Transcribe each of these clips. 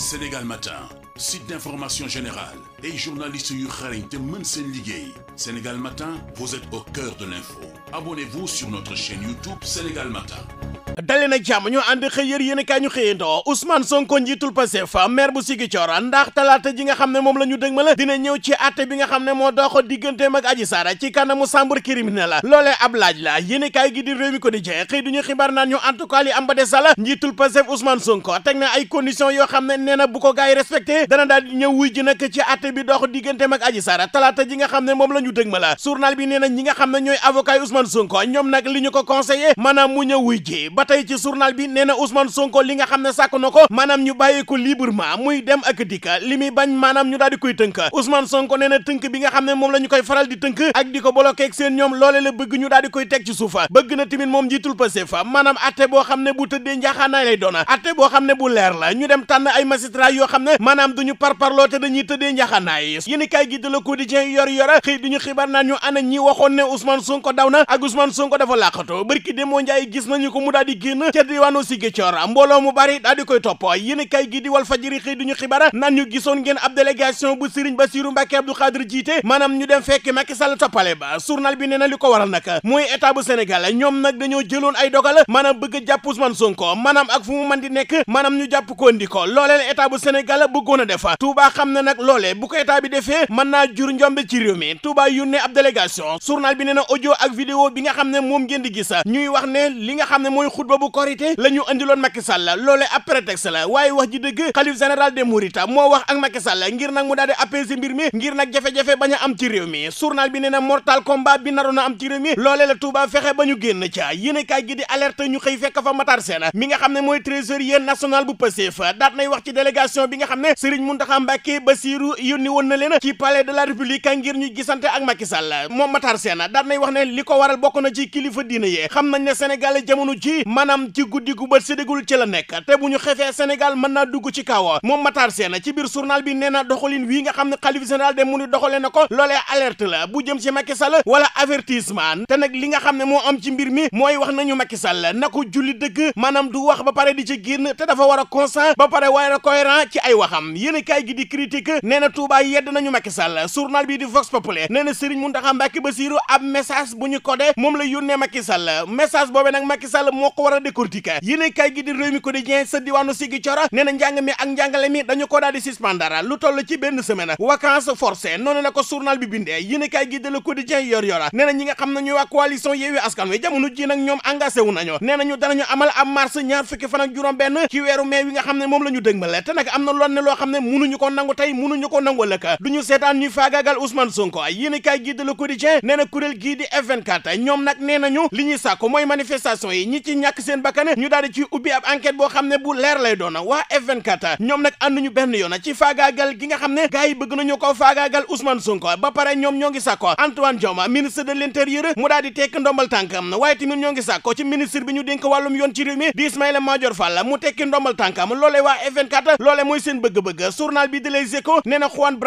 Sénégal Matin site d'information générale et journaliste yu xarañ te mën seen liggéey Sénégal Matin vous êtes au cœur de l'info abonnez-vous sur notre chaîne YouTube Sénégal Matin dale nag jàmm ñu ànd xëy yër yéen kaay ñu xëyandoo Ousmane Sonko njiitul Pastef maire bu Ziguinchor ndax talaata ji nga xam ne moom la ñu dëgmal dina ñëw ci àtte bi nga xam ne moo dox digganteem ak Adji Sarr ci kanamu chambre criminelle la loolee ab laaj la yéen kaay gi di réew mi ko di jeex xëy ñu en tout cas li am ba desal njiitul Pastef Ousmane Sonko na ay conditions yoo xam ne nee na bu ko gars yi respecté dana daal ñëw wuy ji nag ci bi dox digganteem ak Adji talaata ji nga xam ne moom la ñu dëgmal la journal bi nee na ñi nga xam ne ñooy avocat Ousmane Sonko ñoom nag li ñu ko conseillé maanaam mu ñëw wuy ji tey ci journal bi nee na Ousmane Sonko li nga xam ne sàkk na ko maanaam ñu bàyyi ko librement muy dem ak dikka li bañ maanaam ñu daal di koy tënk Ousmane Sonko tënk bi nga xam ne moom la ñu koy faral di tënk ak di ko bloqué ak seen ñoom loole la bëgg ñu daal di teg ci suufa bëgg na tamit moom jiitul Pastef maanaam atte boo xam ne bu tëddee njaaxaanaay lay doona atte boo xam ne bu leer la ñu dem tànn ay magistrat yoo xam ne maanaam duñu ñu ana ñi génn ca diwaanu Ziguinchor mbooloo mu bari daal koy topp yéen kay gi di Walf Fadjri xëy duñu xibaar naan ñu gisoon ngeen ab délégation bu Serigne Bassirou Mbacké Abdou Khadre jiite maanaam ñu dem fekk Macky Sall toppale ba journal bi nee na li ko waral nag mooy état bu Sénégal ñoom nag dañoo jëloon ay dogal maanaam bëgg jàpp Ousmane Sonko maanaam ak fu mu mën di nekk maanaam ñu jàpp ko ko loolee état bu Sénégal bëggoon a def Touba xam na nag loolee bu ko bi defee mën ne moom ngeen di gis ñuy li nga xam ne xutba bu korité la ñu andiloon Macky Sall loole ab prétexte la waaye wax ji dëgg xalif général des Mourides moo wax ak Macky Sall ngir nag mu daal di apaiser mi ngir nag jafe-jafe bañ a am ci réew mi journal bi nee na mortal combat bi naroon a am ci réew mi loole la Touba fexe ba ñu génn ca yéenekaay gi di alerte ñu xëy fekk fa Matar Sène mi nga xam ne mooy trésorier national bu Pastef daat nay wax ci délégation bi nga xam ne Serigne Mountakha Mbacké Bassirou woon na leen ci palais de moom Matar Sène daat wax ne li ko waral bokk na ci kilifa diine xam nañ ne Sénégal jamono ji maanaam ci guddi gu bët séddégul ci la nekk te bu ñu xefee Sénégal mën naa dugg ci kaw moom Matar Sène ci biir journal bi nee na doxalin wii nga xam ne xalif général de mu ni doxale na ko loolee alert la bu jëm ci Macky Sall wala avertissement te nag li nga xam ne moo am ci mbir mi mooy wax nañu Macky Sall na ko julli dëgg maanaam du wax ba pare di ci génn te dafa war a constant ba pare war a cohérent ci ay waxam yéen kaay gi di critique nee na Touba yedd nañu Macky Sall journal bi di Vox Populi nee na Serigne Mountakha Mbacké Bassirou ab message bu ñu codé moom la yónnee Macky message boobee nag Macky Sall moo ko war a décortiquer yéene kaay gi di réew mi quotidien sa diwaanu Sigi Cora na njàng mi ak njàngale mi dañu ko daal di lu toll ci benn semaine vacances forcées noonu la ko journal bi bindee yéene kaay gi di le quotidien yor yora na ñi nga xam ne ñuy waa coalition Yewwi Askan Wi jamono ji nag ñoom engagé wu nañu nee nañu danañu amal am mars ñaar fukki fan ak juróom benn ci weeru mai wi nga xam ne moom la ñu dëgmale te nag am na loon ne loo xam ne munuñu ko nangu tey munuñu ko nangu lëkk duñu seetaan ñuy faagaagal na kuréel gii di mooy manifestation yi ñi ci ñàkk seen bakkan ñu daal ci ubbi ab enquête boo xam ne bu leer lay doona waa F24 ñoom nag ànduñu benn yoon ci faagaagal gi nga xam ne gars yi bëgg nañu ko faagaagal Ousmane Sonko ba ñoom ñoo ngi sàkko Antoine Diome ministre de l'intérieur mu daal tekk ndombal tànkam waaye tamit ñoo ngi sàkko ci ministre bi ñu dénk wàllum yoon ci réew mi di Ismaïla Madior Fall mu tekki ndombal tànkam loolee waa F24 loolee mooy seen bëgg-bëgg na Juan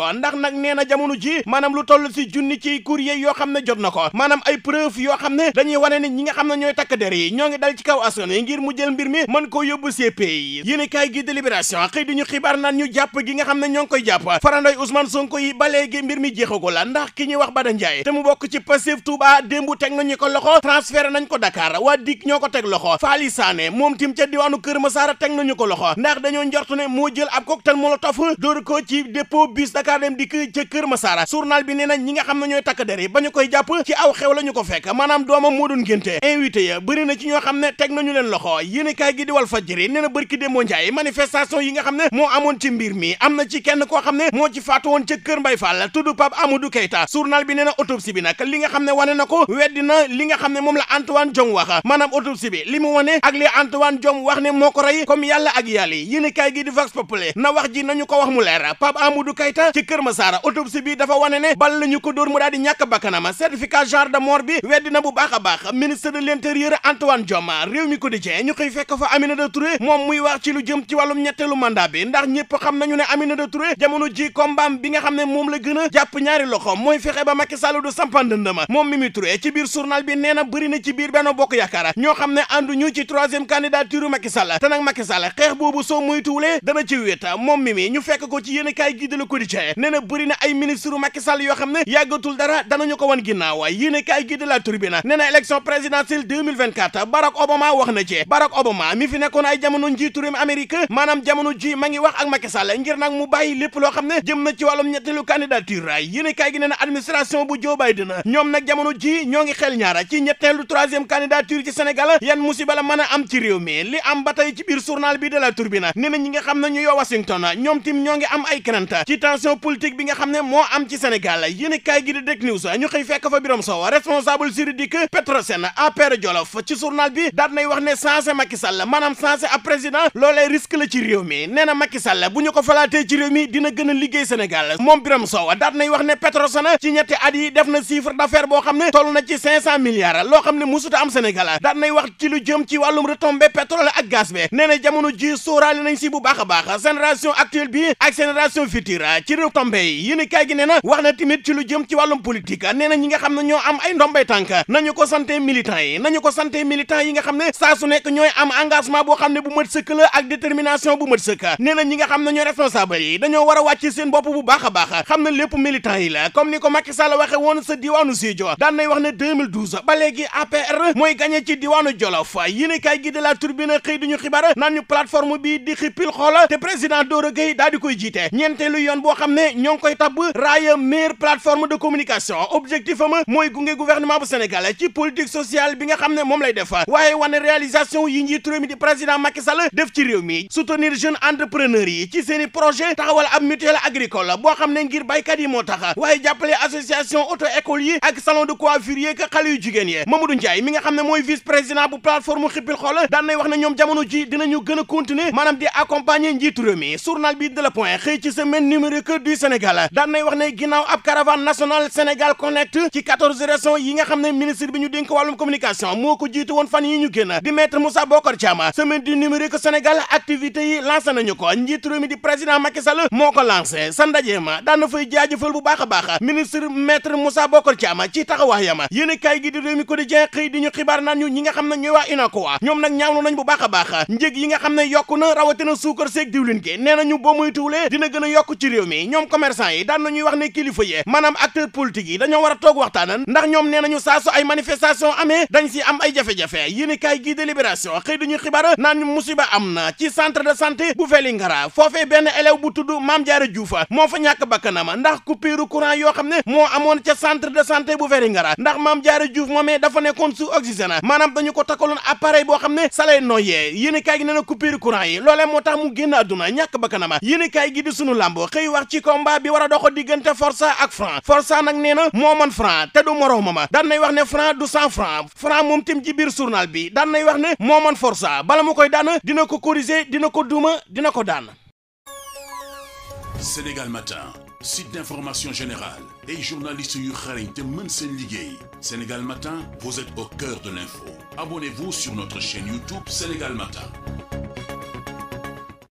ko ndax nag nee na jamono ji maanaam lu toll si yoo xam ne jot na ko maanaam ay preuve yoo xam ne dañuy wane ne ñi nga xam ne ñooy takk der ñoo ngi dal ci kaw askan wi ngir mu jël mbir mi mën koo yóbbu CPI yéen kaay gi xëy di ñu xibaar naan ñu jàpp gi nga xam ne ñoo ngi koy jàpp farandoy Ousmane Sonko yi ba léegi mbir mi ko la ndax ki ñuy wax Bada Ndiaye te mu bokk ci Pastef Touba démbu teg nañu ko loxo transféré nañ ko Dakar waa dik ñoo ko teg loxo Faali Sané moom tim ca diwaanu Kër Masaara teg nañu ko loxo ndax dañoo njort ne moo jël ab cocktail molotov dóor ko ci dépôt bus Dakar dem dikk ca Kër Masaara journal bi nee na ñi nga xam ne ñooy takk der yi ba ñu koy jàpp ci aw xew la ñu ko fekk maanaam doomam moo doon ngénte invité ya bëri na ci ñoo xam ne teg nañu leen loxo yéen kaay gi di wal fajri nee na bërki démboo njaay manifestation yi nga xam ne moo amoon ci mbir mi am na ci kenn koo xam ne moo ci faatu woon ca kër Mbay Fall tudd Pape Amadou Keita journal bi nee na autopsie bi nag li nga xam ne wane na ko weddi na li nga xam ne moom la Antoine Diome wax maanaam autopsie bi li mu wane ak li Antoine Diome wax ne moo ko rey comme yàlla ak yàlla yéen kaay gi di vox populi na wax ji nañu ko wax mu leer Pape Amadou Keita ci kër Massara autopsie bi dafa wane ne bal la ko dóor mu daal di ñàkk bakkan kanama certificat genre de mort bi weddi na bu baax a baax ministre de l'intérieur Antoine Diome réew mi quotidien ñu koy fekk fa Aminata Touré moom muy wax ci lu jëm ci wàllum ñetteelu mandat bi ndax ñëpp xam nañu ne Aminata Touré jamono ji kombaam bi nga xam ne moom la gën a jàpp ñaari loxo mooy fexe ba Macky Sall du sampandëndama moom Mimi Touré ci biir journal bi nee na bëri na ci biir Benno Bokk Yaakaar ñoo xam ne ànduñu ci troisième candidature Macky Sall te nag Macky Sall boobu soo moytuwulee dana ci wéet moom Mimi ñu fekk ko ci yéen gi de Le Quotidien nee na bëri na ay ministre Macky Sall yoo xam ne yàggatul dara ko wan ginnaaw yéene kaay gi de la Tribune nee na élection présidentielle 2024 Barack Obama wax na ci Barack Obama mi fi nekkoon ay jamono njiitu réew Amérique maanaam jamono ji ma ngi wax ak Macky Sall ngir nag mu bàyyi lépp loo xam ne jëm na ci wàllum ñetteelu candidature yéene kaay gi nee na administration bu Joe Biden ñoom na jamono ji ñoo ngi xel ñaara ci ñetteelu troisième candidature ci Sénégal yan musiba la mën a am ci réew mi li am ba tey ci biir journal bi de la Tribune na ñi nga xam ne ñu yoo Washington ñoom tim ñoo ngi am ay crainte ci tension politique bi nga xam ne moo am ci Sénégal yéene kaay gi de Direct News ñu xëy fekk fa Birame Sow responsable juridique Petrosen APR Jolof ci journal bi daat nay wax ne sensé Macky Sall maanaam sensé ab président loolee risque la ci réew mi nee na Macky Sall bu ñu ko falaatee ci réew mi dina gën a liggéey Sénégal moom Birame Sow daat nay wax ne Petrosen ci ñetti at yi def na chiffre d'affaires boo xam ne toll na ci cinq cent milliards loo xam ne musuta am Sénégal daat nay wax ci lu jëm ci wàllum retombée pétrole ak jamono ji sóoraale nañ si bu baax a baax génération actuelle bi ak génération future ci retombée yi yéen kaay nee na wax na tamit ci lu jëm ci wàllum politique nee na ñi nga xam ne ñoo am ay ndombay tànk nañu ko santé militants yi nañu ko santé militants yi nga xam ne saa su nekk ñooy am engagement boo xam ne bu mat sëkk la ak détermination bu mat sëkk nee na ñi nga xam ne ñooy responsable yi dañoo war a wàcc seen bopp bu baax a baax xam ne lépp militant yi la comme ni ko Macky Sall waxe woon sa diwaanu Sédhiou daan wax ne 2012 ba mooy gagné ci diwaanu Jolof yéene kaay gi de la Tribune xëy duñu xibaar naan ñu plateforme bi di koy jiite ñeenteelu yoon boo xam ne ñoo ngi koy tabb raaya meilleure plateforme objectif am mooy gunge gouvernement bu Sénégal ci politique sociale bi nga xam ne moom lay def waaye wane réalisation yi njiitu réew mi di président Macky Sall def ci réew mi soutenir jeune entrepreneurs yi ci seen i projet taxawal ab mutuelle agricole boo xam ne ngir baykat yi moo tax waaye jàppale association auto école yi ak salon de coiffure yi ak xale yu jigéen yi Mamadou Ndiaye mi nga xam ne mooy vice président bu plateforme xippil xool daan wax ne ñoom jamono ji a continuer maanaam di accompagner njiitu réew mi journal bi de la point xëy ci semaine numérique du Sénégal daan nay wax ne ginnaaw ab connect ci quatorze régions yi nga xam ne ministre bi ñu dénk wàllum communication moo ko jiitu woon fan yi ñu génn di maître Moussa Bokar Thiam semaine du numérique Sénégal activités yi lancé nañu ko njiitu réew di président Macky moo ko lancé sa ma daan na fay jaajëfal bu baax a baax ministre maître Moussa Bokar Thiam ci taxawaayam yéen kaay gi di réew mi quotidien xëy di ñu xibaar naan ñi nga xam ne ñooy waa UNACOIS ñoom nag ñaawlu nañ bu baax a baax njëg yi nga xam a yokk ci réew mi ñoo war a toog waxtaanan ndax ñoom nee nañu saa su ay manifestation amee dañ si am ay jafe-jafe yéen i kaay gii de libération xëy dañuy xibaar naan ñu musiba am na ci centre de santé bu ngara foofee benn élève bu tudd Maam Jaara Juuf moo fa ñàkk bakkanam ndax coupure courant yoo xam ne moo amoon ca centre de santé bu Vélingara ndax Maam Jaara Juuf moomee dafa nekkoon sous oxygène maanaam dañu ko takkaloon appareil boo xam ne salay noyyee yéen i kaay gi nee na coupure courant yi loolee moo tax mu génn àdduna ñàkk bakkanam yéen i kaay gi di sunu làmb xëy wax ci combat bi war a dox diggante Forza ak na moo mën franc te du moroomama daan nay wax ne franc du cent franc franc moom tim ci biir journal bi daan nay wax ne moo mën forsa bala mu koy daan dina ko corriger dina ko duma dina ko daan Sénégal Matin site d'information général ay journalistes yu xarañ te mën seen liggéey Sénégal Matin vous êtes au cœur de l'info abonnez-vous sur notre chaîne YouTube Sénégal Matin